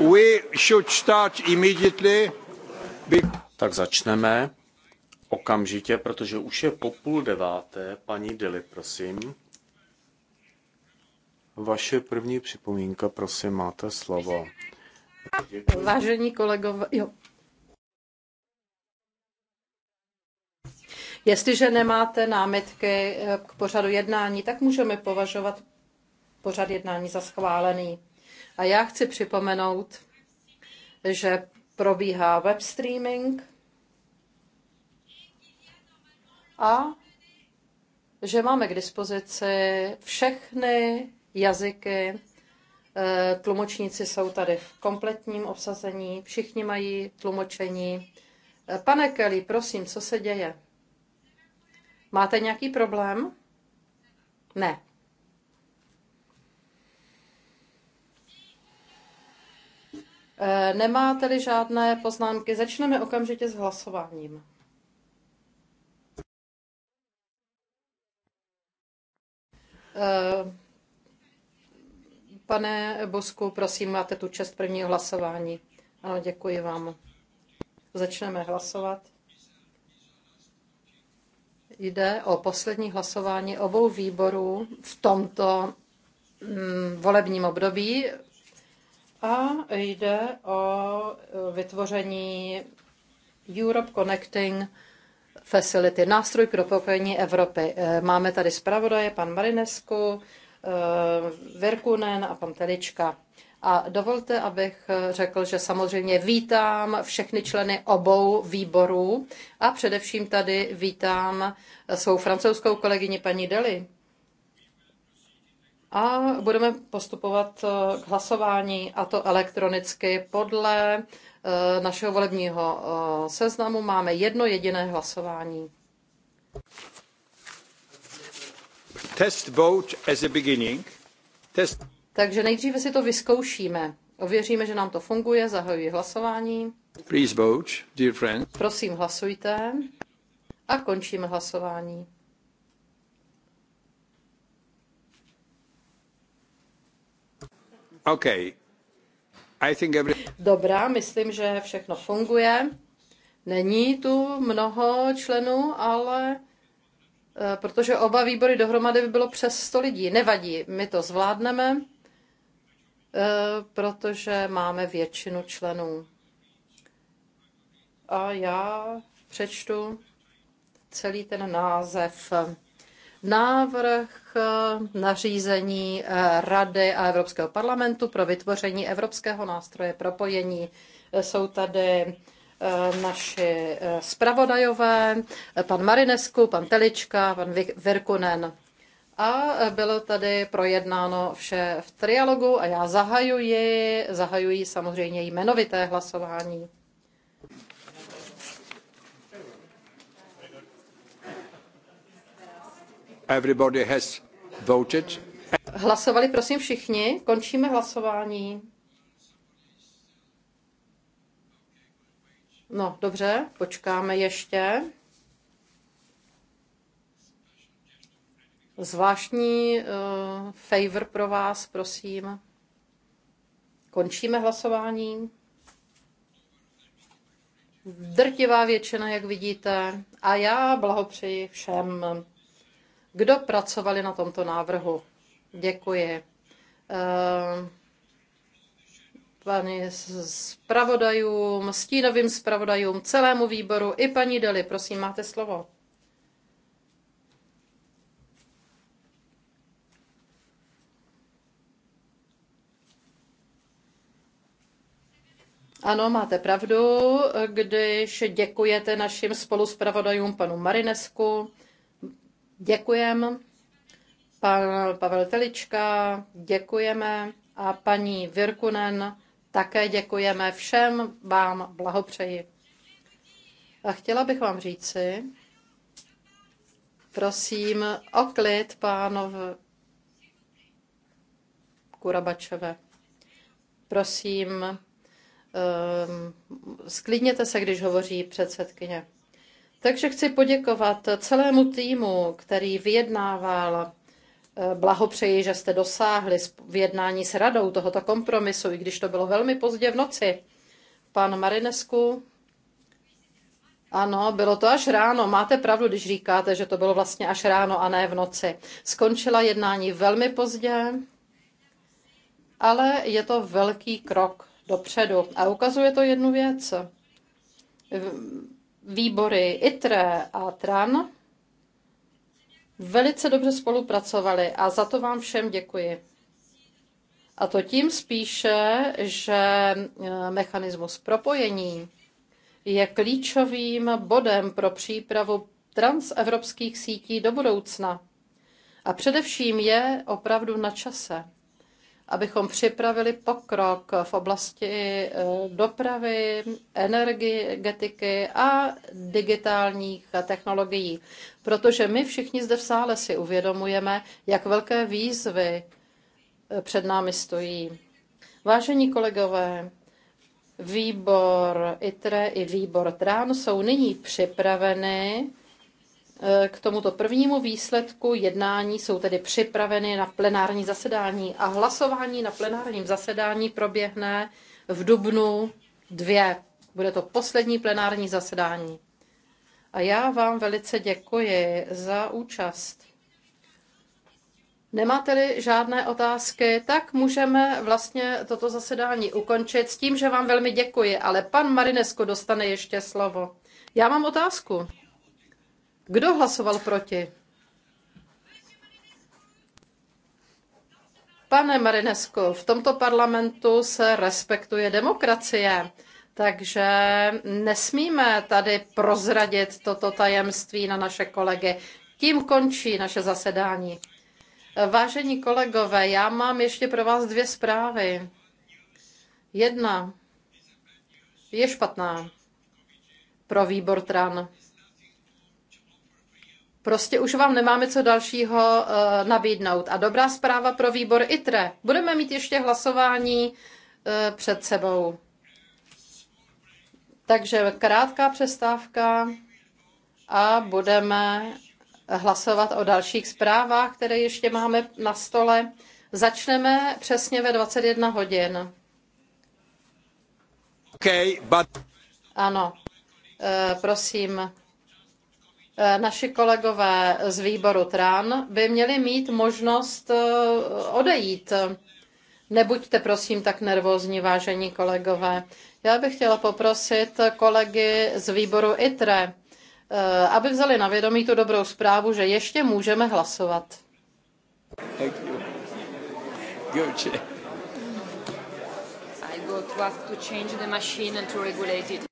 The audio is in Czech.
We should start immediately. Tak začneme okamžitě, protože už je po půl deváté. Paní Dili, prosím. Vaše první připomínka, prosím, máte slovo. Děkuji. Vážení kolegové, jo. Jestliže nemáte námitky k pořadu jednání, tak můžeme považovat pořad jednání za schválený. A já chci připomenout, že probíhá web streaming a že máme k dispozici všechny jazyky. Eh, tlumočníci jsou tady v kompletním obsazení, všichni mají tlumočení. Eh, pane Kelly, prosím, co se děje? Máte nějaký problém? Ne. Eh, Nemáte-li žádné poznámky, začneme okamžitě s hlasováním. Eh, pane Bosku, prosím, máte tu čest prvního hlasování. Ano, děkuji vám. Začneme hlasovat. Jde o poslední hlasování obou výborů v tomto mm, volebním období. A jde o e, vytvoření Europe Connecting Facility, nástroj pro propojení Evropy. E, máme tady zpravodaje, pan Marinesku, e, Virkunen a pan Telička. A dovolte, abych řekl, že samozřejmě vítám všechny členy obou výborů a především tady vítám svou francouzskou kolegyni paní Deli, a budeme postupovat eh, k hlasování, a to elektronicky. Podle eh, našeho volebního eh, seznamu máme jedno jediné hlasování. Test vote as a beginning. Test. Takže nejdříve si to vyzkoušíme. Ověříme, že nám to funguje, zahajuji hlasování. Please vote, dear friends. Prosím, hlasujte. A končíme hlasování. Okay. I think every... Dobrá, myslím, že všechno funguje. Není tu mnoho členů, ale eh, protože oba výbory dohromady by bylo přes 100 lidí. Nevadí, my to zvládneme, eh, protože máme většinu členů. A já přečtu celý ten název návrh eh, nařízení eh, Rady a Evropského parlamentu pro vytvoření Evropského nástroje propojení. Eh, jsou tady naši zpravodajové, pan Marinesku, pan Telička, pan Virkunen. A bylo tady projednáno vše v trialogu a já zahajuji, zahajuji samozřejmě jmenovité hlasování. Everybody has voted. Hlasovali prosím všichni. Končíme hlasování. No, dobře, počkáme ještě. Zvláštní uh, favor pro vás, prosím. Končíme hlasování. Drtivá většina, jak vidíte. A já blahopřeji všem kdo pracovali na tomto návrhu. Děkuji. Ehm, paní zpravodajům, stínovým zpravodajům, celému výboru i paní Deli, prosím, máte slovo. Ano, máte pravdu, když děkujete našim spoluspravodajům panu Marinesku Děkujem. Pan Pavel Telička, děkujeme. A paní Virkunen, také děkujeme. Všem vám blahopřeji. A chtěla bych vám říci, prosím o klid pánov Kurabačeve. Prosím, ehm, sklidněte se, když hovoří předsedkyně. Takže chci poděkovat celému týmu, který vyjednával. Eh, blahopřeji, že jste dosáhli vyjednání s radou tohoto kompromisu, i když to bylo velmi pozdě v noci. Pan Marinesku, ano, bylo to až ráno. Máte pravdu, když říkáte, že to bylo vlastně až ráno a ne v noci. Skončila jednání velmi pozdě, ale je to velký krok dopředu. A ukazuje to jednu věc výbory ITRE a TRAN velice dobře spolupracovali a za to vám všem děkuji. A to tím spíše, že e, mechanismus propojení je klíčovým bodem pro přípravu transevropských sítí do budoucna. A především je opravdu na čase abychom připravili pokrok v oblasti eh, dopravy, energetiky a digitálních technologií. Protože my všichni zde v sále si uvědomujeme, jak velké výzvy eh, před námi stojí. Vážení kolegové, výbor ITRE i výbor TRAN jsou nyní připraveny k tomuto prvnímu výsledku jednání jsou tedy připraveny na plenární zasedání a hlasování na plenárním zasedání proběhne v dubnu 2. Bude to poslední plenární zasedání. A já vám velice děkuji za účast. Nemáte-li žádné otázky, tak můžeme vlastně toto zasedání ukončit s tím, že vám velmi děkuji, ale pan Marinesko dostane ještě slovo. Já mám otázku. Kdo hlasoval proti? Pane Marinesku, v tomto parlamentu se respektuje demokracie, takže nesmíme tady prozradit toto tajemství na naše kolegy. Tím končí naše zasedání. Vážení kolegové, já mám ještě pro vás dvě zprávy. Jedna je špatná pro výbor TRAN. Prostě už vám nemáme co dalšího uh, nabídnout. A dobrá zpráva pro výbor ITRE. Budeme mít ještě hlasování uh, před sebou. Takže krátká přestávka a budeme hlasovat o dalších zprávách, které ještě máme na stole. Začneme přesně ve 21 hodin. Okay, but... Ano, eh, prosím. Eh, naši kolegové z výboru TRAN by měli mít možnost eh, odejít. Nebuďte prosím tak nervózní, vážení kolegové. Já bych chtěla poprosit kolegy z výboru ITRE, eh, aby vzali na vědomí tu dobrou zprávu, že ještě můžeme hlasovat. Thank you. Gucci. I got to change the machine and to regulate it.